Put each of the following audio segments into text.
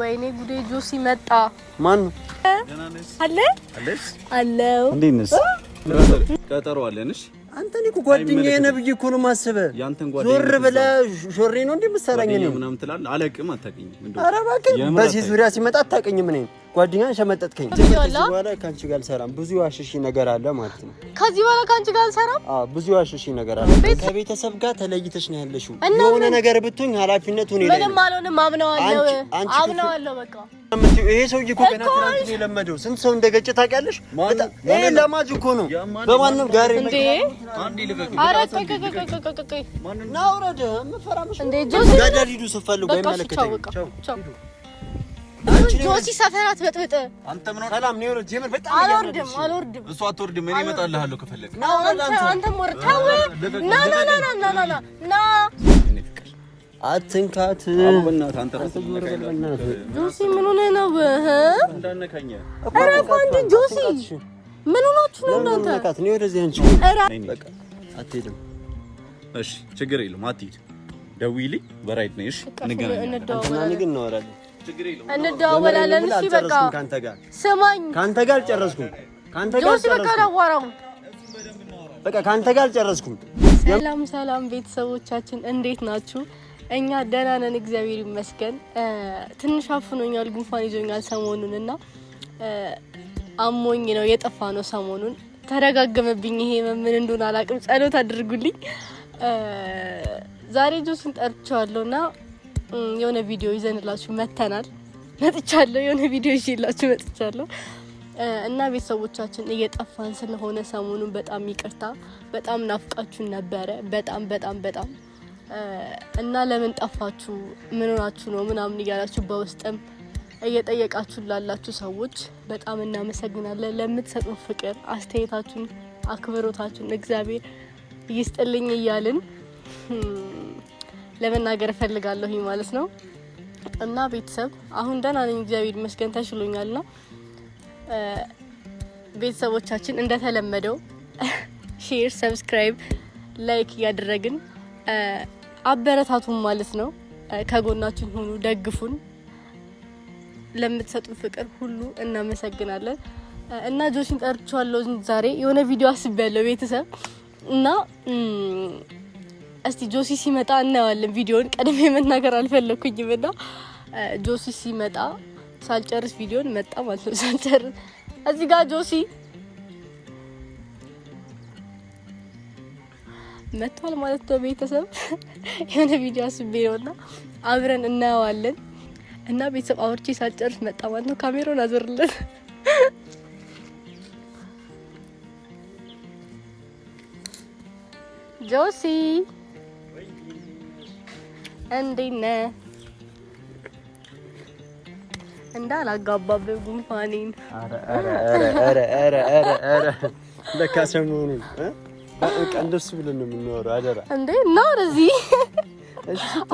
ወይኔ ጉዴ ጆሲ መጣ። ማን ነው አለ አለው። እንዴት ነሽ? ቀጠሮ አለን። እሺ አንተ እኔ እኮ ጓደኛዬ ነህ ብዬሽ እኮ ነው የማስበህ። ዞር ብለህ ሾሬ ነው እንደ የምትሰራኝ ነው ምናምን ትላለህ። አለቅም አታውቅኝም። ኧረ እባክህ በዚህ ዙሪያ ሲመጣ አታውቅኝም እኔን ጓደኛን ሸመጠጥከኝ። ከዚህ በኋላ ከአንቺ ጋር አልሰራም። ብዙ ዋሽሽ ነገር አለ ማለት ነው። ከዚህ በኋላ ከአንቺ ጋር አልሰራም። አዎ ብዙ ዋሽሽ ነገር አለ። ከቤተሰብ ጋር ተለይተሽ ነው ያለሽው። የሆነ ነገር ብትሆኝ ኃላፊነት ሁኔ ላይ ምንም አልሆንም። አምነዋለሁ፣ አምነዋለሁ በቃ ይሄ ሰውዬ እኮ ገና ትናንት ነው የለመደው። ስንት ሰው እንደገጨ ታውቂያለሽ? ይሄ ለማጅ እኮ ነው። በማንም ጋር እንዴ? ምፈራምሽ ገደል ሂዱ ስትፈልጉ አይመለከተኝም። ጆሲ ሰፈራት በጥብጥ አንተ ምን ሆነ? ሰላም ነው ጀመር። በጣም አልወርድም አልወርድም። እሱ አትወርድም። እኔ እመጣልሃለሁ ከፈለክ አትንካት። በእናትህ አንተ ጆሲ ምን ሆነህ ነው? እንዳነካኝ ኧረ ጆሲ ምን ሆናችሁ ነው እናንተ? ነካት ነው ወደዚህ አንቺ በቃ አትሄድም። እሺ ችግር የለም አትሄድ። ደውዪልኝ በራይድ ነሽ ንገናኝ። እንደዋወላለን እንደዋወላለን። እሺ በቃ ስማኝ፣ ካንተ ጋር አልጨረስኩም። ካንተ ጋር በቃ ካንተ ጋር አልጨረስኩም። ሰላም ሰላም፣ ቤተሰቦቻችን እንዴት ናችሁ? እኛ ደህና ነን፣ እግዚአብሔር ይመስገን። ትንሽ አፍኖኛል፣ ጉንፋን ይዞኛል ሰሞኑን እና አሞኝ ነው የጠፋ ነው ሰሞኑን ተረጋገመብኝ። ይሄ ምን እንደሆነ አላውቅም። ጸሎት አድርጉልኝ። ዛሬ ጆስን ጠርቼዋለሁ እና የሆነ ቪዲዮ ይዘንላችሁ መተናል። መጥቻለሁ፣ የሆነ ቪዲዮ ይዤላችሁ መጥቻለሁ እና ቤተሰቦቻችን እየጠፋን ስለሆነ ሰሞኑን በጣም ይቅርታ፣ በጣም ናፍቃችሁን ነበረ። በጣም በጣም በጣም እና ለምን ጠፋችሁ ምን ሆናችሁ ነው ምናምን እያላችሁ በውስጥም እየጠየቃችሁ ላላችሁ ሰዎች በጣም እናመሰግናለን። ለምትሰጡ ፍቅር፣ አስተያየታችሁን፣ አክብሮታችሁን እግዚአብሔር ይስጥልኝ እያልን ለመናገር እፈልጋለሁኝ ማለት ነው። እና ቤተሰብ አሁን ደህና ነኝ፣ እግዚአብሔር ይመስገን ተሽሎኛል። ና ቤተሰቦቻችን እንደተለመደው ሼር፣ ሰብስክራይብ፣ ላይክ እያደረግን አበረታቱን ማለት ነው። ከጎናችን ሆኑ፣ ደግፉን። ለምትሰጡን ፍቅር ሁሉ እናመሰግናለን። እና ጆሲን ጠርቻለሁ ዛሬ የሆነ ቪዲዮ አስቤያለሁ ቤተሰብ እና እስቲ ጆሲ ሲመጣ እናየዋለን። ቪዲዮን ቀድሜ መናገር አልፈለግኩኝም እና ጆሲ ሲመጣ ሳልጨርስ ቪዲዮን መጣ ማለት ነው። ሳልጨርስ እዚህ ጋር ጆሲ መጥቷል ማለት ነው። ቤተሰብ የሆነ ቪዲዮ አስቤ ነው እና አብረን እናየዋለን እና ቤተሰብ አውርቼ ሳልጨርስ መጣ ማለት ነው። ካሜራውን አዞርለት ጆሲ እንዴት ነህ? እንዳላጋባብህ ጉንፋኔን። ለካ ሰሞኑን እንደሱ ብለን ነው የምናወራው። አደራ እንዴ እናወራ እዚህ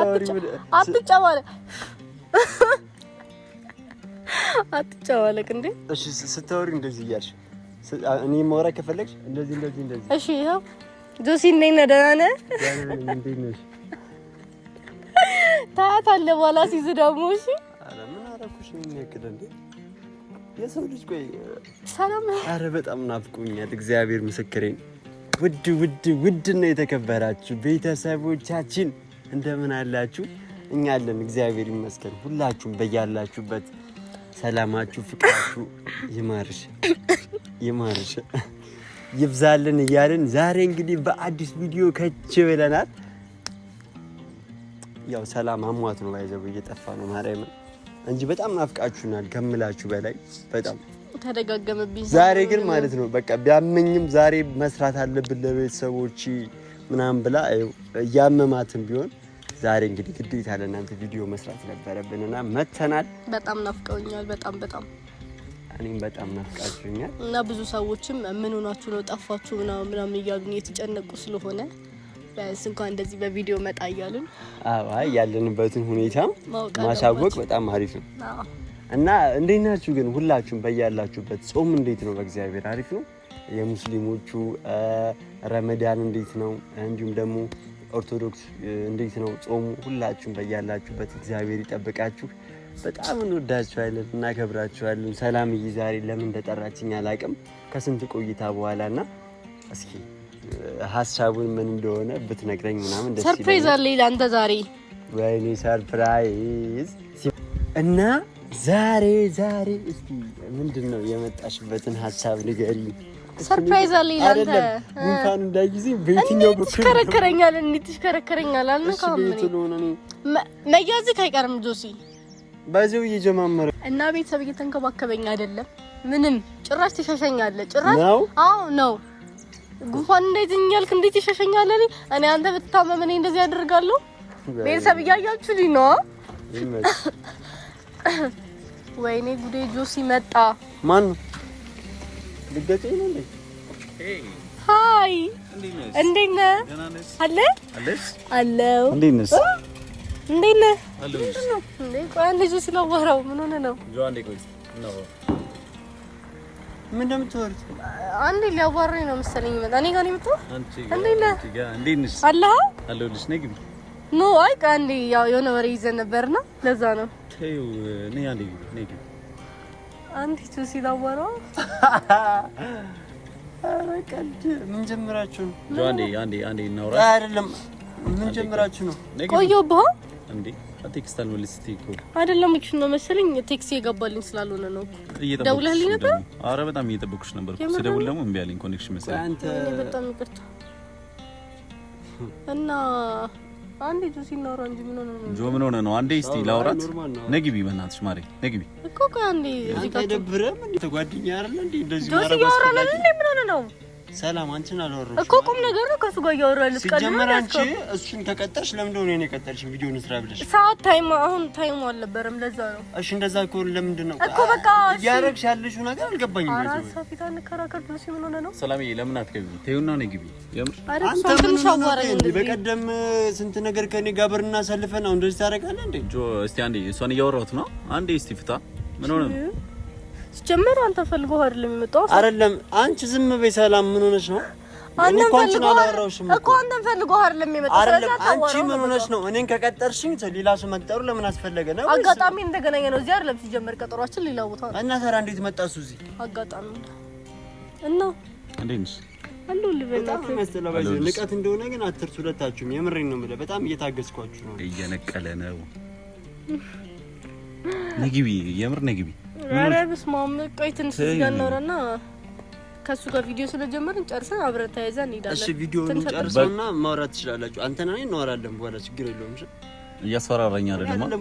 አትጨማለቅ አትጨማለቅ። እንዴ እሺ፣ ስታወሪ እንደዚህ እያልሽ እኔ ማውራት ከፈለግሽ እንደዚህ እንደዚህ እንደዚህ። እሺ፣ ይኸው ጆሲ፣ እንዴት ነህ? ደህና ነህ? ታያታለህ በኋላ ሲይዝ ደግሞ እሺ። ኧረ ምን አደረኩሽ የሚያክል እንዴ? የሰው ልጅ ቆይ፣ ሰላም። ኧረ በጣም ናፍቆኛል። እግዚአብሔር ምስክሬን። ውድ ውድ ውድ ነው የተከበራችሁ ቤተሰቦቻችን እንደምን አላችሁ? እኛ አለን እግዚአብሔር ይመስገን። ሁላችሁም በያላችሁበት ሰላማችሁ፣ ፍቅራችሁ ይማርሽ ይማርሽ ይብዛልን እያልን ዛሬ እንግዲህ በአዲስ ቪዲዮ ከች ብለናል። ያው ሰላም አሟት ነው ባይዘው እየጠፋ ነው ማርያም እንጂ በጣም ናፍቃችሁናል ከምላችሁ በላይ በጣም ተደጋገመብኝ። ዛሬ ግን ማለት ነው በቃ ቢያመኝም ዛሬ መስራት አለብን ለቤተሰቦች ምናምን ብላ እያመማትም ቢሆን ዛሬ እንግዲህ ግዴታ ለእናንተ ቪዲዮ መስራት ነበረብን ነበረብንና መተናል። በጣም ናፍቀውኛል። በጣም በጣም እኔም በጣም ናፍቃችሁኛል እና ብዙ ሰዎችም ምን ሆናችሁ ነው ጠፋችሁ ምናምን እያሉ የተጨነቁ ስለሆነ ቢያንስ እንኳን እንደዚህ በቪዲዮ መጣ እያሉን ያለንበትን ሁኔታ ማሳወቅ በጣም አሪፍ ነው እና እንዴት ናችሁ ግን ሁላችሁም በያላችሁበት ጾም እንዴት ነው? በእግዚአብሔር አሪፍ ነው። የሙስሊሞቹ ረመዳን እንዴት ነው? እንዲሁም ደግሞ ኦርቶዶክስ እንዴት ነው ጾሙ? ሁላችሁም በያላችሁበት እግዚአብሔር ይጠብቃችሁ። በጣም እንወዳችኋለን፣ እናከብራችኋለን። ሰላምዬ ዛሬ ለምን እንደጠራችኝ አላቅም ከስንት ቆይታ በኋላ እና እስኪ ሀሳቡን ምን እንደሆነ ብትነግረኝ ምናምን ደስ ሰርፕራይዝ አለ ለአንተ ዛሬ። ወይኔ ሰርፕራይዝ እና ዛሬ ዛሬ እስቲ ምንድን ነው የመጣሽበትን ሀሳብ ንገሪ። ሰርፕራይዝ አለ ለአንተ። ጉንፋን እንዳይይዝ በየትኛው ትሽከረከረኛል? እንዴት ትሽከረከረኛል? መያዝህ አይቀርም ጆሲ በዚው እየጀማመረ እና ቤተሰብ እየተንከባከበኝ አይደለም። ምንም ጭራሽ ትሸሸኛለህ። ጭራሽ አዎ ነው ጉንፋን እንደዚህ እያልክ እንዴት ይሸሸኛል? እኔ እኔ አንተ ብትታመም እኔ እንደዚህ ያደርጋለሁ? ቤተሰብ እያያችሁልኝ ነው። ወይኔ ጉዴ! ጆሲ መጣ። ማን ነው? ልትገጨኝ ነው እንዴ? ሃይ፣ እንዴት ነህ? አለ አለው። እንዴት ነህ? እንዴት ነህ? ቆይ አንዴ ጆሲ ነው ወራው። ምን ሆነህ ነው? ምን እንደምትወርድ አንዴ ሊያዋራኝ ነው መሰለኝ። ይመጣ እኔ ጋር ነው የመጣው። ኖ አይ አንዴ ያው የሆነ ወሬ ይዘን ነበርና ለዛ ነው። ተይው እኔ አንዴ ነኝ አንዴ ቱሲ ዳወራ ምን ጀምራችሁ ነው? አንዴ አንዴ አንዴ እናውራ። አይደለም ምን ጀምራችሁ ነው? ቆየሁብህ እንዴ ቴክስት አልመለስኩት እኮ አይደለም እኮ ነው መሰለኝ። ቴክስት የገባልኝ ስላልሆነ ነው። ደውለህልኝ ነበር? አረ በጣም እየጠበኩሽ ነበር። ስደውል ደግሞ እምቢ አለኝ ኮኔክሽን መሰለኝ። አንተ በጣም ይቅርታ እና አንዴ ጆሲ እናውራ እንጂ ምን ሆነ ነው? ጆ ምን ሆነ ነው? አንዴ እስቲ ላውራት። ነግቢ፣ በእናትሽ ማሪ፣ ነግቢ እኮ አንዴ። አንተ ደብረም እንዴ ተጓደኛ አይደል እንዴ እንደዚህ ማረጋስ ነው። ምን ሆነ ነው ሰላም አንቺን አላወራሁም እኮ ቁም ነገር ነው ከእሱ ጋር እያወራ ያለው። ሲጀመር አንቺ እሱን ተቀጣሽ። ለምን ነው እኔን የቀጣሽኝ? ቪዲዮ እንስራ ብለሽ ሰዓት ታይም፣ አሁን ታይሙ አልነበረም። ለዛ ነው። እሺ እንደዛ ከሆነ ለምንድን ነው እኮ በቃ እያደረግሽ ያለሽው ነገር አልገባኝም። ማለት ነው ፊት አንከራከር ብለሽ ምን ሆነ ነው። ሰላምዬ ለምን አትገቢ? ተይውና ነው ግቢ። አንተ ምን ሻዋራኝ እንዴ? በቀደም ስንት ነገር ከኔ ጋር ብር እናሳልፈን፣ አሁን እንደዚህ ታደርጋለህ እንዴ? ጆ እስቲ አንዴ እሷን እያወራሁት ነው። አንዴ እስቲ ፍታ። ምን ሆነ ነው ሲጀመር አንተ ፈልጎ አይደለም የመጣው። አይደለም አንቺ ዝም በይ ሰላም። ምን ሆነሽ ነው? ፈልጎ ፈልጎህ አይደለም እኮ አንተም ፈልጎ አይደለም የመጣው። አይደለም አንቺ ምን ሆነሽ ነው? እኔን ከቀጠርሽኝ ሌላ ሰው መቅጠሩ ለምን አስፈለገ ነው? አጋጣሚ እንደገናኘ ነው። እዚህ አይደለም ሲጀመር ቀጠሯችን ሌላ ቦታ ነው። እና ታዲያ እንዴት መጣ እሱ እዚህ? አጋጣሚ እና እንዴት ነሽ? አሎ ልበላት መስተላባይ ንቀት እንደሆነ ግን አትርሱ። ሁለታችሁም የምሬን ነው የምልህ። በጣም እየታገስኳችሁ ነው። እየነቀለ ነው። ነግቢ፣ የምር ነግቢ ኧረ በስመ አብ ቆይ ትንሽ እናውራና ከእሱ ጋር ቪዲዮ ስለጀመርን ጨርሰን አብረን ተያይዘን እንሄዳለን። እሺ ቪዲዮውን ጨርሰውና ማውራት ትችላላችሁ። አንተና እኔ እናወራለን በኋላ ችግር የለውም። እሺ እያስፈራራኝ አይደለም።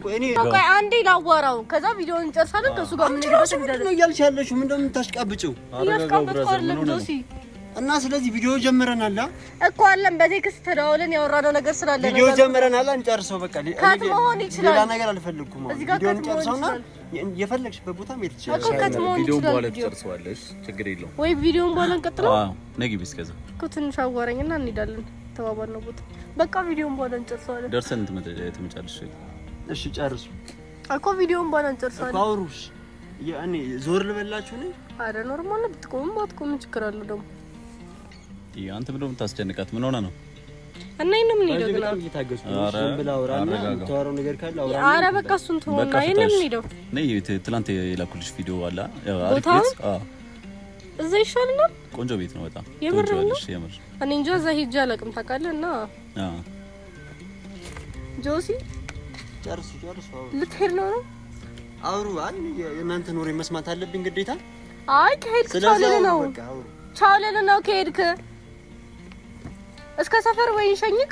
ቆይ አንዴ ላዋራው፣ ከዛ ቪዲዮውን እንጨርሳለን። ከእሱ ጋር ምን ይደረስ እንደዚህ ነው እያልሽ ያለሽው ምንድን ነው የምታሽቃብጭው? እና ስለዚህ ቪዲዮ ጀምረናል እኮ አለን። በቴክስት ተደዋውለን ያወራነው ነገር ስላለ ቪዲዮ ጀምረናል። አንጨርሰው በቃ። ሌላ ነገር አልፈልግኩም። ቪዲዮውን ጨርሰውና የፈለግሽበት ቦታ መሄድ ትችላለሽ። ቪዲዮን በኋላ ትጨርሰዋለሽ፣ ችግር የለውም። ወይ ቪዲዮን በኋላ እንቀጥለው። ነግቢ እስከዛ እኮ ትንሽ አዋራኝና እንሄዳለን። ነው ቦታ በቃ ቪዲዮን በኋላ እንጨርሰዋለን። ደርሰን ትመጫለሽ። እሺ ጨርሱ እኮ ቪዲዮን በኋላ እንጨርሰዋለን። አውሩሽ ያኔ ዞር ልበላችሁ ነኝ። አረ ኖርማል ነው። ብትቆምም አትቆምም ችግር አለው ደግሞ አንተ ምንድነው የምታስጨንቃት? ምን ሆነ ነው እና ይሄን ምን ሄደው ግን እየታገሱ ነገር ካለ አውራ። አረ በቃ እሱን ተወውና ይሄን ምን ሄደው ነይ። ትናንት የላኩልሽ ቪዲዮ አለ አሪፍ ቤት። አዎ እዛ ይሻል ቆንጆ ቤት ነው በጣም የምር ነው። እኔ እንጃ እዛ ሂጅ አላውቅም ታውቃለህ። እና ጆሲ ጨርሱ ጨርሱ። ልትሄድ ነው ነው አውሩ። አይ የእናንተን ወሬ መስማት አለብኝ ግዴታ። አይ ከሄድክ ቻው ልልህ ነው፣ ቻው ልልህ ነው ከሄድክ እስከ ሰፈር ወይ እንሸኝክ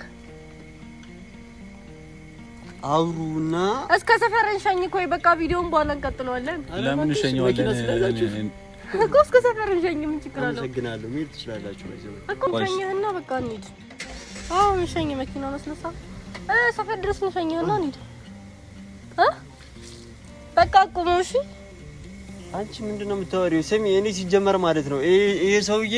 አውሩና እስከ ሰፈር እንሸኝክ ወይ በቃ ቪዲዮን በኋላ እንቀጥለዋለን። ለምን እንሸኝዋለን እኮ እስከ ሰፈር እንሸኝ ምን ችግር አለው? አመሰግናለሁ። መሄድ ትችላላችሁ እኮ እንሸኝህና በቃ እንሂድ። አዎ እንሸኝ መኪና መስለሳ እ ሰፈር ድረስ እንሸኝህና እንሂድ እ በቃ አቁመው እሺ። አንቺ ምንድን ነው የምታወሪው? ስሚ እኔ ሲጀመር ማለት ነው ይሄ ሰውዬ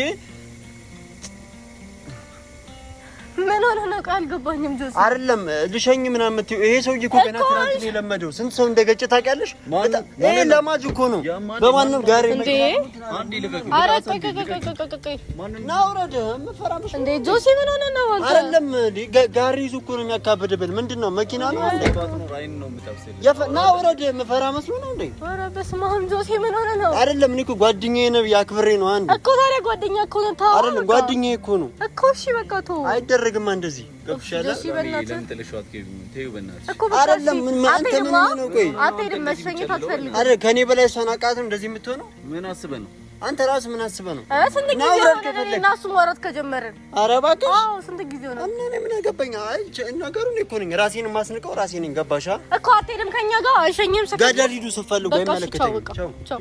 እንደማልሆነ አልገባኝም። ጆሲ አይደለም ልሸኝ ምናምን የምትይው ይሄ ሰውዬ እኮ ገና የለመደው። ስንት ሰው እንደገጨ ታውቂያለሽ? ይሄ ለማጅ እኮ ነው። በማንም ጋር ጆሲ ምን ሆነ ነው? አይደለም ጋሪ ይዞ እኮ ነው የሚያካብድብን። ምንድን ነው መኪና ነው ና ውረድ። የምፈራ መስሎ ነው እንዴ? ኧረ በስመ አብ ጆሲ ምን ሆነ ነው? አይደለም እኔ እኮ ጓደኛዬ ነው ያክብሬ ነው እኮ ታዲያ ጓደኛ እኮ ነው። አይደለም ጓደኛዬ እኮ ነው እኮ። እሺ በቃ ተወው፣ አይደረግም እንደዚህ ገብሻለ ከኔ በላይ እሷን አውቃትም እንደዚህ የምትሆነው ምን አስበህ ነው? አንተ ራስህ ምን አስበህ ነው? ስንት ጊዜ ሆነ እና እሱ ማውራት ከጀመረን? ኧረ ስንት ጊዜ ሆነ? እና እኔ ምን አገባኝ? አይ ነገሩ እኔ እኮ ነኝ ራሴን የማስንቀው ራሴ ገባሻ እኮ አትሄድም ጋር አይሸኝም። ገደል ሂዱ ስትፈልጉ አይመለከተኝም። ቻው ቻው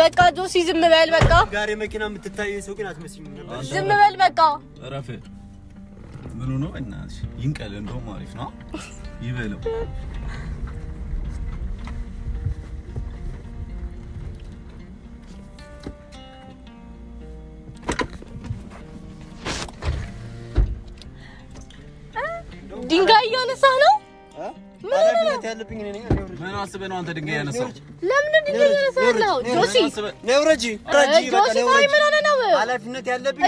በቃ ጆሲ ዝም በል በቃ። ጋሪ መኪና የምትታይ ሰው ግን አትመስኝም። ዝም በል በቃ። እረፍ። ምኑ ነው እናትሽ? ይንቀል። እንደውም አሪፍ ነው ይበለው። ድንጋይ እያነሳህ ነው ማንሳት ያለብኝ እኔ ነኝ። ምን አስበህ ነው አንተ ድንጋይ ያነሳው? ለምን ድንጋይ ያነሳው? ጆሲ ነው ረጂ ጆሲ ምን አለ ነው ያለብኝ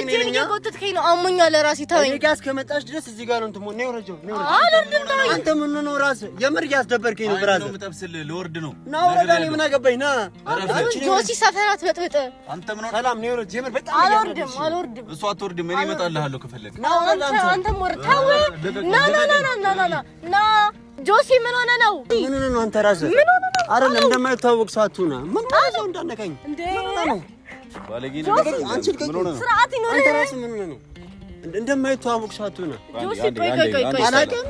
እኔ ነኝ። ነው ራሴ ተወኝ። እኔ እስከመጣሽ ድረስ እዚህ ጋር ነው ነው አንተ ምን ነው የምር እያስደበርከኝ ነው። ብራዘር ነው ልወርድ ነው ና ወረዳ ምን አገባኝ ና ጆሲ ሰፈራት በጥብጥ አንተ ምን ሰላም ነው የምር በጣም አልወርድም አልወርድም። እሱ አትወርድም እኔ እመጣልሃለሁ ከፈለክ ና ወረዳ አንተ ወርድ ተወኝ ና ና ና ና ና ና ጆሲ ምን ሆነ ነው? ምን ሆነ ነው? አንተ ራስህ ምን ሆነ ነው? አረ እንደማይታወቅ ሰው አትሁን። ምን ሆነ ነው? እንዳነካኝ እንዴ! ባለጌ ሆነ ጆሲ ቆይ ቆይ ቆይ ቆይ፣ አላውቅም።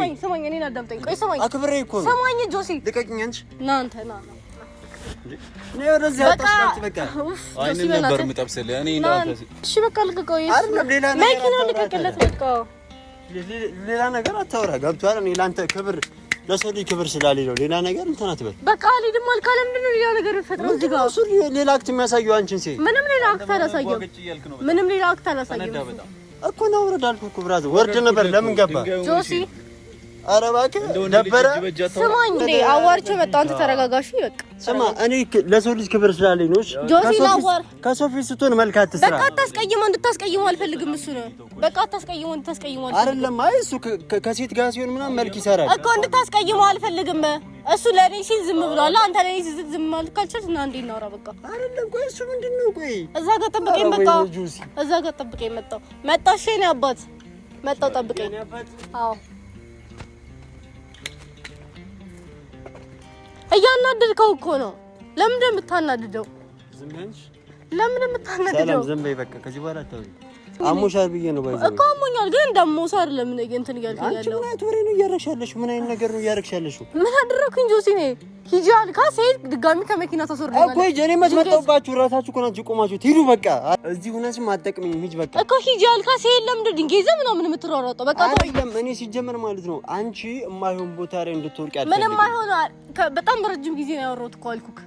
ቆይ ስማኝ እኔን አዳምጠኝ። ቆይ ስማኝ፣ አክብሬ እኮ ነው። ስማኝ ጆሲ፣ ልቀቂኝ። አንቺ ና አንተ ና በቃ ሌላ ነገር አታወራ። ገብቶሃል? እኔ ለአንተ ክብር ለሰው ልጅ ክብር ስላለኝ ነው። ሌላ ነገር እንትን አትበል። በቃ አልሄድም አልክ አለ። ምንድን ነው ሌላ ነገር ፈጥረው እዚህ ጋር እሱ ሌላ አክት የሚያሳየው አንቺን ሴት ምንም ሌላ አክት አላሳየም። ምንም ሌላ አክት አላሳየም እኮ ነው። ወርድ አልኩህ እኮ ብራዘር፣ ወርድ ነበር። ለምን ገባ ጆሲ ኧረ እባክህ ነበረ ስማኝ፣ እንደ አዋርቼው መጣሁ። አንተ ተረጋጋሽ። በቃ ስማ፣ እኔ ለሰው ልጅ ክብር ስላለኝ ነው። ከሰው ፊት ስትሆን መልክ አትስራ። በቃ አታስቀይመው፣ እንድታስቀይመው አልፈልግም። እሱ ነው በቃ አታስቀይመው፣ እንድታስቀይመው አይደለም። አይ እሱ ከሴት ጋር ሲሆን ምናምን መልክ ይሰራል እኮ። እንድታስቀይመው አልፈልግም። እሱ ለእኔ ሲል ዝም ብሏል። አንተ ለእኔ ሲል ዝም ማለት ካልቻልክ እና እንዴት እናውራ? በቃ አይደለም። ቆይ እሱ ምንድን ነው? ቆይ እዛ ጋር ጠብቀኝ። በቃ እዛ ጋር ጠብቀኝ። መጣሁ መጣሁ። እሺ፣ የእኔ አባት መጣሁ። ጠብቀኝ። አዎ እያናደድከው እኮ ነው። ለምንድን የምታናድደው? ለምንድን የምታናድደው? ዝም በይ በቃ ከዚህ በኋላ አሞሻል ብዬ ነው ባይዘው እኮ አሞኛል፣ ግን እንዳሞሳ አይደለም። ምን እንትን እያልክ ያለው አንቺ ምን አይነት ወሬ ነው እያረግሻለሽ? ምን አይነት ነገር ነው እያረግሻለሽ? ምን አደረኩኝ ጆሲ? ነኝ። ሂጂ አልካ ሴት ድጋሚ ከመኪና ታስወርደኛል እኮ ሂጂ። እኔ መጥመጣባችሁ ራሳችሁ እኮ ናችሁ የቆማችሁት። ሂዱ በቃ እዚህ ሁነሽ አጠቅመኝ። ሂጂ በቃ እኮ ሂጂ አልካ ሴት ለምንድን ድንጋይ ዘም ነው ምን የምትሯሯጠው? በቃ አይደለም። እኔ ሲጀመር ማለት ነው አንቺ የማይሆን ቦታ ላይ እንድትወርቅ ያደረገኝ ምንም አይሆን። በጣም በረጅም ጊዜ ነው ያወራሁት እኮ አልኩክ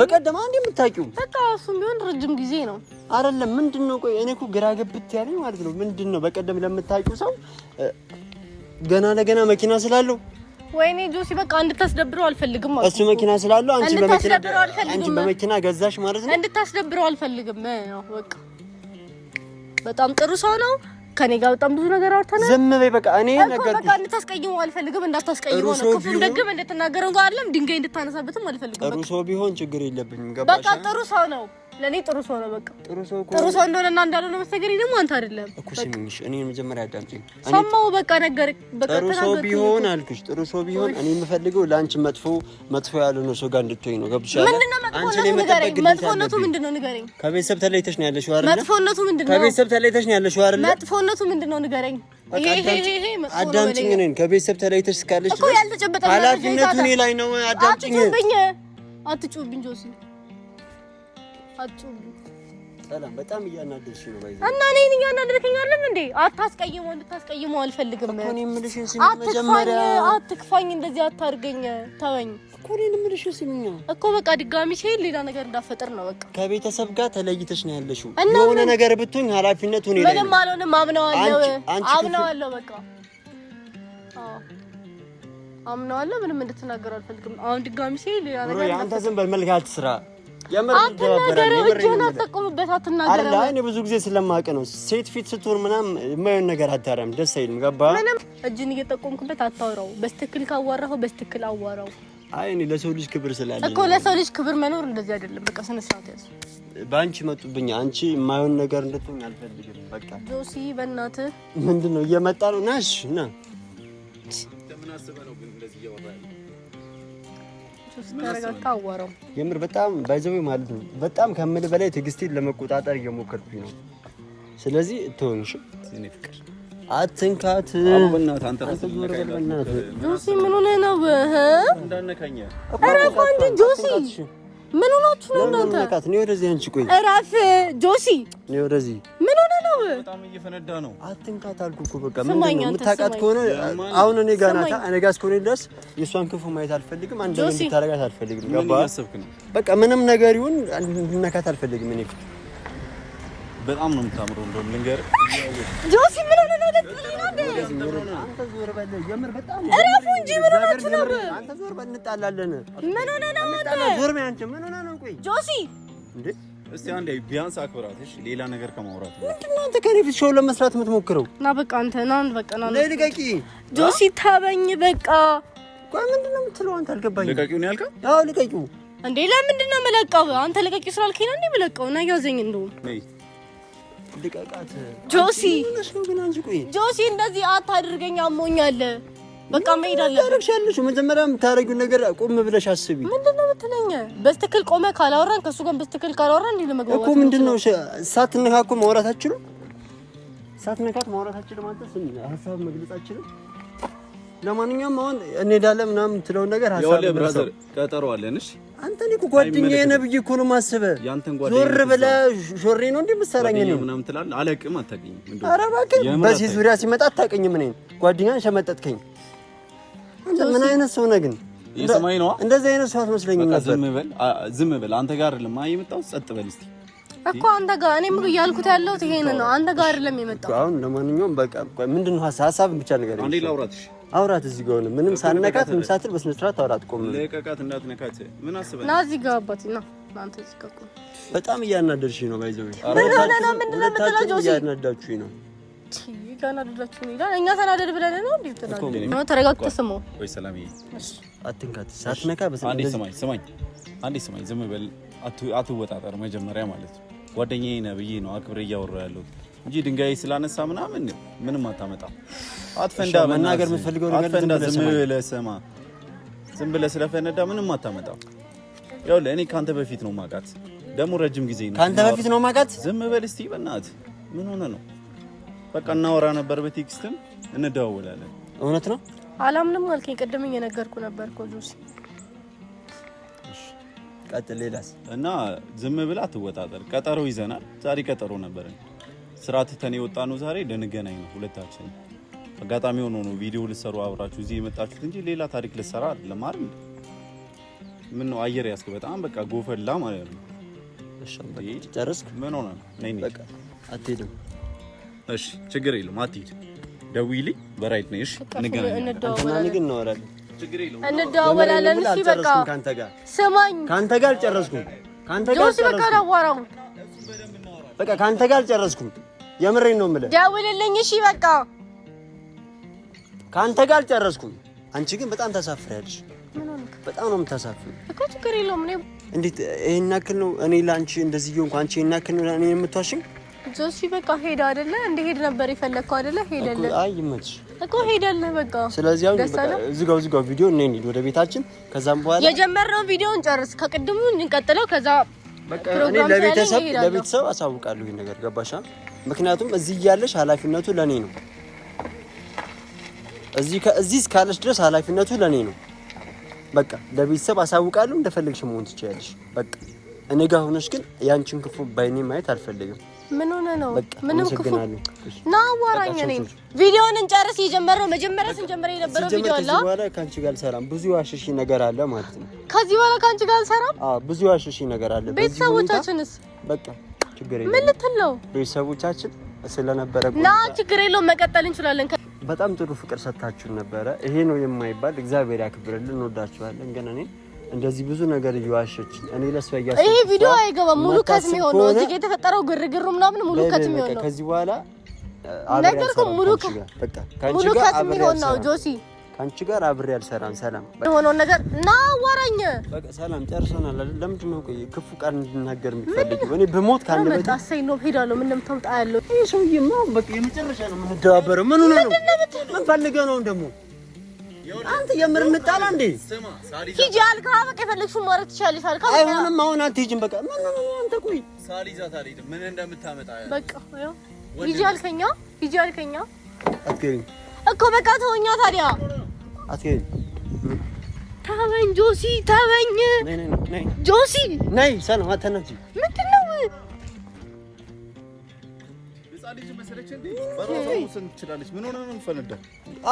በቀደም አንድ የምታውቂው በቃ እሱም ቢሆን ረጅም ጊዜ ነው አይደለም። ምንድን ነው ቆይ፣ እኔ እኮ ግራ ገብት ያለኝ ማለት ነው ምንድን ነው በቀደም ለምታውቂው ሰው ገና ለገና መኪና ስላለው ወይኔ ጆሲ በቃ እንድታስደብረው አልፈልግም። እሱ መኪና ስላለው አንቺ በመኪና ገዛሽ ማለት ነው። እንድታስደብረው አልፈልግም። በቃ በጣም ጥሩ ሰው ነው። ከኔ ጋር በጣም ብዙ ነገር አውርተናል። ዝም በይ በቃ። እኔ ነገር በቃ እንድታስቀይመው አልፈልግም፣ እንዳታስቀይመው ነው። ክፉም ደግም እንድትናገረው አለም ድንጋይ እንድታነሳበትም አልፈልግም። ጥሩ ሰው ቢሆን ችግር የለብኝም። ገባሽ? በቃ ጥሩ ሰው ነው። ለእኔ ጥሩ ሰው ነው። በቃ ጥሩ ሰው ጥሩ ሰው እንደሆነ እና እንደሆነና ነው መሰገሪ ደግሞ አንተ አይደለም እኮ ሲምሽ እኔ መጀመሪያ አዳምጪኝ። ሰማሁ በቃ ነገር በቃ ጥሩ ሰው ቢሆን አልኩሽ፣ ጥሩ ሰው ቢሆን እኔ የምፈልገው ለአንቺ መጥፎ መጥፎ ያልሆነ ሰው ጋር እንድትሆኝ ነው። ገብቶሻል? መጥፎነቱ ምንድን ነው ንገረኝ። ከቤተሰብ ተለይተሽ ነው ያለሽው አይደል? መጥፎነቱ ምንድን ነው? ከቤተሰብ ተለይተሽ ነው ያለሽው አይደል? መጥፎነቱ ምንድን ነው ንገረኝ። አዳምጪኝ። እኔን ከቤተሰብ ተለይተሽ እስካለሽ እኮ ያልተጨበጠ ኃላፊነቱ እኔ ላይ ነው። አዳምጪኝ። አትጩብኝ፣ አትጩብኝ ጆሲ ሰላም በጣም እያናደድሽ ነው ባይዘ እና እኔን እያናደድከኝ አይደለም እንዴ? አታስቀይመው፣ እንድታስቀይመው አልፈልግም እኮ እኔ የምልሽ። መጀመሪያ አትክፋኝ፣ እንደዚህ አታርገኝ፣ ተወኝ እኮ እኔ የምልሽ እኮ በቃ ድጋሚ ሲሄድ ሌላ ነገር እንዳፈጥር ነው። በቃ ከቤተሰብ ጋር ተለይተሽ ነው ያለሽው። የሆነ ነገር ብትሆኝ ኃላፊነት ሆኔ ላይ ምንም አልሆንም። አምነዋለሁ፣ አምነዋለሁ፣ በቃ አምነዋለሁ። ምንም እንድትናገር አልፈልግም። አሁን ድጋሚ ሲሄድ ሌላ ነገር አንተ ዝም በል መልካት ስራ አትናገረው፣ ብዙ ጊዜ ስለማውቅ ነው። ሴት ፊት ስትሆን ምናምን የማይሆን ነገር አታወራም፣ ደስ አይልም። ገባህ? ምንም እጅን እየጠቆምክበት አታወራው። በስትክል ካዋራኸው በስትክል አዋራው። አይ እኔ ለሰው ልጅ ክብር ስላለኝ እኮ ለሰው ልጅ ክብር መኖር እንደዚህ አይደለም። በቃ ስነ ስርዓት ያዝ። በአንቺ መጡብኝ። አንቺ የማይሆን ነገር እንድትሆኝ አልፈልግም። በቃ ጆሲ፣ በእናትህ ምንድን ነው እየመጣ ነው? ናሽ ና የምር በጣም ባይዘው ማለት ነው። በጣም ከምል በላይ ትዕግስቴን ለመቆጣጠር እየሞከርኩኝ ነው። ስለዚህ ትሆንሽ አትንካት። ጆሲ ምን ሆነ ነው? እረፍ አንቺ ጆሲ ምን ሆናችሁ ነው እናንተ? እረፍ ጆሲ ምን ነው። እየፈነዳ ነው። አትንካት አልኩህ እኮ በቃ ምንድን የምታውቃት ከሆነ አሁን እኔ ጋር ናታ። እኔ ጋር እስከሆነ ድረስ የእሷን ክፉ ማየት አልፈልግም። አንድ ነገር እንድታረጋት አልፈልግም። በቃ ምንም ነገር ይሁን እንድነካት አልፈልግም። እኔ በጣም ነው የምታምረው። እንደውም ልንገርህ ጆሲ፣ ምን ሆነህ ነው? እረፉ እንጂ ምን ሆናችሁ ነው? አንተ ዞር በል እንጣላለን። ምን ሆነህ ነው? ዞር በይ አንቺ። ምን ሆነህ ነው? ቆይ ጆሲ እንዴ እስቲ አንዴ ቢያንስ አክብራት። እሺ፣ ሌላ ነገር ከማውራት ምንድን ነው አንተ ከኔ ፊት ሾው ለመስራት የምትሞክረው? ና በቃ አንተ ና በቃ ና ልቀቂ። ጆሲ ታበኝ በቃ። ቆይ ምንድን ነው የምትለው አንተ? አልገባኝም። ልቀቂው ነው ያልከው? አዎ ልቀቂው። እንዴ ለምንድን ነው የምለቀው? አንተ ልቀቂው ስላልከኝ ነው እንዴ የምለቀው? እና ያዘኝ እንደውም ልቀቃት ጆሲ። ጆሲ እንደዚህ አታድርገኝ፣ አሞኛል በቃ መሄድ አለብሽ። መጀመሪያ የምታደርጊውን ነገር ቁም ብለሽ አስቢ። ምንድን ነው የምትለኝ? በስትክል ቆመ ካላወራን ከእሱ ጋር በስትክል ካላወራን እንዴት ለመግባባት እኮ ምንድን ነው? ሳትነካኩ ማውራት አትችሉም። ሳትነካክ ማውራት አችሉ ማለት ስም ሀሳብ መግለጽ አችሉ ለማንኛውም አሁን እንሄዳለን ምናምን የምትለውን ነገር ሀሳብ ብራዘር፣ ቀጠሮ አለን። እሺ አንተ እኔ እኮ ጓደኛዬ ነህ ብዬሽ እኮ ነው የማስበህ። ዞር ብለህ ሾሬ ነው እንዴ የምትሰራኝ ነው ምናምን ትላለህ። አለቅም አታውቅኝም። ኧረ እባክህ በዚህ ዙሪያ ሲመጣ አታውቅኝም። እኔን ጓደኛን ሸመጠጥከኝ ምን አይነት ሰው ነህ ግን? እየሰማኸኝ ነው? እንደዚህ አይነት ሰው አትመስለኝም ነበር። ዝም በል ዝም በል። አንተ ጋር አይደለም የመጣሁት። ፀጥ በል እስኪ እኮ አንተ ጋር እኔ እያልኩት ያለሁት ይሄን ነው። አንተ ጋር አይደለም የመጣው። አሁን ለማንኛውም በቃ ምንድን ነው ሀሳብ ብቻ ነገር አንዴ ላውራት። እሺ አውራት። እዚህ ጋር ምንም ሳነቃት ምን ሳትል በስነ ስርዓት አውራት። ቆም ለቀቃት፣ እንዳትነካት። ምን አስበህ ና እዚህ ጋር አባቴ ና በጣም እያናደድሽኝ ነው። ባይዘው ምን ሆነ ነው ምንድን ነው የምትለው? እያናዳችሁኝ ነው ሰላም አትወጣጠር። መጀመሪያ ማለት ጓደኛዬ ነህ ብዬ ነው አክብሬ እያወራ ያለሁት እንጂ ድንጋይ ስላነሳ ምናምን ምንም አታመጣም። አትፈንዳ፣ መናገር አትፈንዳ። ዝም ብለህ ስማ፣ ዝም ብለህ ስለፈነዳ ምንም አታመጣም። ይኸውልህ እኔ ከአንተ በፊት ነው የማውቃት፣ ደግሞ ረጅም ጊዜ ነው ከአንተ በፊት ነው የማውቃት። ዝም በል እስኪ በእናትህ ምን ሆነህ ነው በቃ እናወራ ነበር፣ በቴክስትም እንደዋወላለን። እውነት ነው። አላምንም አልከኝ። ቅድም እየነገርኩ ነበር እኮ ጆሲ። ቀጥል። ሌላስ? እና ዝም ብላ አትወጣጠር። ቀጠሮ ይዘናል። ዛሬ ቀጠሮ ነበረን። ስራ ትተን የወጣ ነው። ዛሬ ልንገናኝ ነው ሁለታችን። አጋጣሚ ሆኖ ነው ቪዲዮ ልሰሩ አብራችሁ እዚህ የመጣችሁት እንጂ ሌላ ታሪክ ልሰራ አይደለም። አይደል? ምን ነው አየር ያስክ በጣም በቃ ጎፈላ ማለት ነው። ጨርስክ? ምን ሆነ? ነይ ነይ። በቃ አትሄድም እሺ፣ ችግር የለውም። አትሂድ፣ ደውዪልኝ። በራይት ነው። እሺ፣ እንደዋወላለን። እሺ፣ በቃ ካንተ ጋር ስማኝ፣ ካንተ ጋር አልጨረስኩም። በቃ በቃ ካንተ ጋር አልጨረስኩም። የምሬን ነው የምልህ። ደውልልኝ። እሺ፣ በቃ ካንተ ጋር አልጨረስኩም። አንቺ ግን በጣም ታሳፍሪያለሽ። በጣም ነው የምታሳፍሪው እኮ። ችግር የለውም። እኔ እንዴት ይሄን ያክል ነው እኔ ለአንቺ እንደዚህ ይሁን አንቺ ይሄን ያክል ነው እኔ የምትዋሽኝ ጆሲ በቃ ሄደ አይደለ? እንደ ሄድ ነበር የፈለግከው አይደለ? ሄደልህ። አይ ይመችሽ እኮ ሄደልህ። በቃ ስለዚህ አሁን እዚህ ጋር እዚህ ጋር ቪዲዮ እኔ እንሂድ ወደ ቤታችን። ከዛም በኋላ የጀመርነው ቪዲዮ እንጨርስ፣ ከቅድሙ እንቀጥለው። ከዛ በቃ እኔ ለቤተሰብ ለቤተሰብ አሳውቃለሁ ይሄን ነገር ገባሻ? ምክንያቱም እዚህ እያለሽ ኃላፊነቱ ለኔ ነው። እዚህ ከዚህ እስካለሽ ድረስ ኃላፊነቱ ለኔ ነው። በቃ ለቤተሰብ አሳውቃለሁ። እንደፈለግሽ መሆን ትችያለሽ። በቃ እኔ ጋር ሆነሽ ግን ያንቺን ክፉ ባይኔ ማየት አልፈልግም። ምን ሆነ ነው? ምንም ክፉ ና አዋራኝ ነኝ። ቪዲዮውን እንጨርስ። የጀመረው መጀመሪያ ስንጀምር የነበረው ቪዲዮ አለ። ከዚህ በኋላ ካንቺ ጋር አልሰራም። ብዙ ዋሽሽ ነገር አለ ማለት ነው። ከዚህ በኋላ ካንቺ ጋር አልሰራም። አዎ፣ ብዙ ዋሽሽ ነገር አለ። ቤተሰቦቻችንስ? በቃ ችግር የለውም። ምን ልትል ነው? ቤተሰቦቻችን ስለነበረ ና ችግር የለውም። መቀጠል እንችላለን። በጣም ጥሩ ፍቅር ሰጥታችሁ ነበረ። ይሄ ነው የማይባል እግዚአብሔር ያክብርልን። እንወዳችኋለን ግን እኔ እንደዚህ ብዙ ነገር እየዋሸችኝ እኔ ለእሷ እያሰብኩ ይሄ ቪዲዮ አይገባም። ሙሉ ከት ይሆን ነው እዚህ ጋር የተፈጠረው ግርግሩ ምናምን ሙሉ ከት ይሆን ነው። ከዚህ በኋላ ነገር ግን ሙሉ ሙሉ ከት ይሆን ነው። ጆሲ ከአንቺ ጋር አብሬ አልሰራም። ሰላም የሆነውን ነገር እና አዋራኝ ሰላም ጨርሰናል። ለምንድን ነው ቆይ ክፉ ቃል እንድናገር የሚፈልግ? እኔ በሞት ካለ በ አሳይ ነው ሄዳለሁ። ምንም ለምታምጣ ያለው ይህ ሰውዬ ነው በቃ የመጨረሻ ነው የምንደባበረው። ምን ሆነ ነው ምን ፈልገ ነው ደግሞ አንተ የምር የምጣላ እንዴ? ሂጂ አልካ በቃ የፈለግሽውን ማድረግ ትችያለሽ አልከሀ። አይሆንም አሁን አትሄጂም። በቃ ምን አንተ ቆይ ሳሊዛት አልሄድም። ምን እንደምታመጣ በቃ ሂጂ አልከኛ፣ ሂጂ አልከኛ። አትሄጂም እኮ በቃ ተወኛ። ታዲያ አትሄጂም። ተወኝ ጆሲ፣ ተወኝ ጆሲ። ነይ ሰላም አታናጂ ምንድን ነው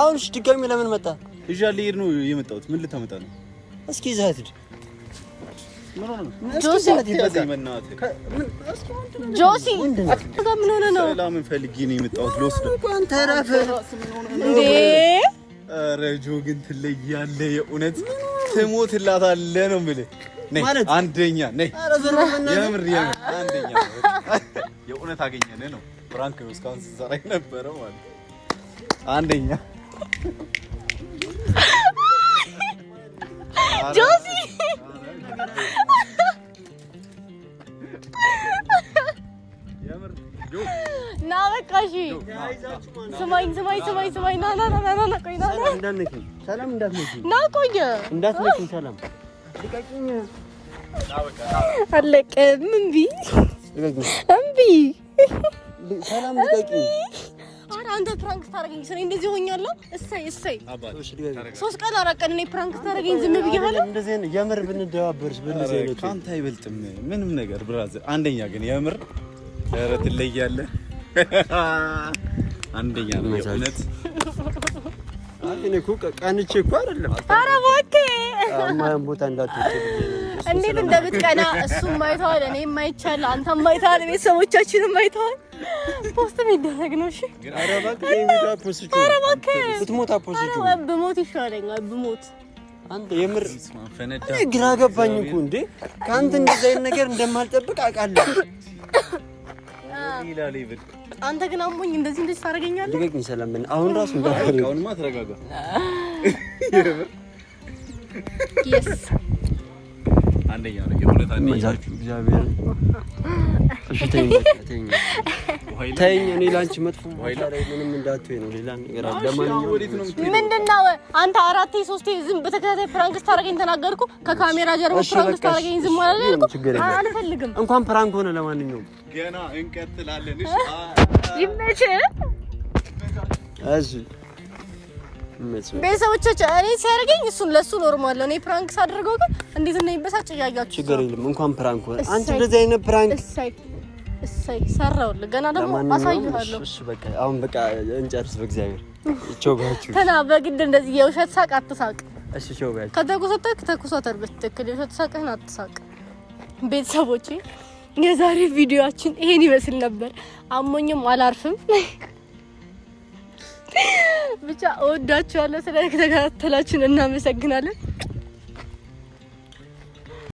አሁን እሺ፣ ድጋሚ ለምን መጣ? እዛ ልሄድ ነው የመጣሁት። ምን ልታመጣ ነው? እስኪ ይዘሀት ጆሲ ምን ሆነ ነው? ሰላምን ፈልጌ ነው የመጣሁት። ልወስደው እንደ ኧረ ጆ ግን ትለያለህ። የእውነት ትሞትላታለህ ነው የምልህ። አንደኛ ነይ የምር አንደኛ የእውነት አገኘን ነው ፕራንክ ነው እስካሁን ስንሰራ የነበረው ማለት አንደኛ ጆሲ ና በቃ እሺ፣ ስማኝ ስማኝ ስማኝ ስማኝ ና ና ና ና ቆይ ና ሰላም ና ቆየ ሰላም ልቀቂኝ። አለቀ እምቢ ሰላም ልቀቂ። ኧረ አንተ ፕራንክ ታደርገኝ ስለ እንደዚህ ሆኛለሁ። እሰይ እሰይ፣ ሶስት ቀን አራት ቀን እኔ ፕራንክ ታደርገኝ ዝም ብያለሁ። እንደዚህ ነው የምር ብንደባበርስ በእንደዚህ አይነት ከአንተ አይበልጥም ምንም ነገር ብራዘር። አንደኛ ግን የምር ኧረ ትለያለህ። አንደኛ ነው የእውነት እኔ እኮ ቀንቼ እኮ አይደለም። ኧረ እባክህ አማን ቦታ እንዳትወጪ እንዴት እንደምትቀና እሱም ማይተዋል፣ ማይቻል፣ አንተም ማይተዋል፣ ቤተሰቦቻችንም ማይተዋል። ፖስት የሚደረግ ነው። እሺ ብሞት ይሻለኛል ብሞት አንተ የምር ግራ ገባኝ እኮ እንዴ! ከአንተ እንደዚህ አይነት ነገር እንደማልጠብቅ አውቃለሁ። አንተ ግን አሞኝ እንደዚህ እንደዚህ ታደርገኛለህ። ልቀቅኝ አሁን ራሱ አሁንማ ተረጋጋ። አንደኛ ነው። እኔ ላንቺ መጥፎ ምንም እንዳትሆኝ ነው። ሌላ ነገር አለ። ለማንኛውም ምንድነው አንተ አራቴ ሶስቴ ዝም በተከታታይ ፕራንክ ስታደርገኝ ተናገርኩ። ከካሜራ ጀርባ ፕራንክ ስታደርገኝ ዝም አላልኩ። አልፈልግም። እንኳን ፕራንክ ሆነ። ለማንኛውም ገና እንቀጥላለን። እሺ፣ ይመችህ። እሺ ቤተሰቦቻቸው እኔ ሲያደርገኝ እሱን ለእሱ ኖርማል ነው። እኔ ፕራንክ ሳደርገው ግን እንዴት እንደሚበሳጭ እያያችሁ ችግር የለም እንኳን ፕራንክ ሆነ። አንቺ እንደዚህ አይነት ፕራንክ እሰይ እሰይ ሰራሁልህ። ገና ደግሞ አሳይሃለሁ። በቃ አሁን በቃ እንጨርስ። በእግዚአብሔር ቾው ተና በግድ እንደዚህ የውሸት ሳቅ አትሳቅ። እሺ ቾው ከተኮሰተክ ተኮሰተር በትክክል የውሸት ሳቅህን አትሳቅ። ቤተሰቦቼ የዛሬ ቪዲዮችን ይሄን ይመስል ነበር። አሞኝም አላርፍም ብቻ እወዳችኋለሁ። ስለተከታተላችን እናመሰግናለን።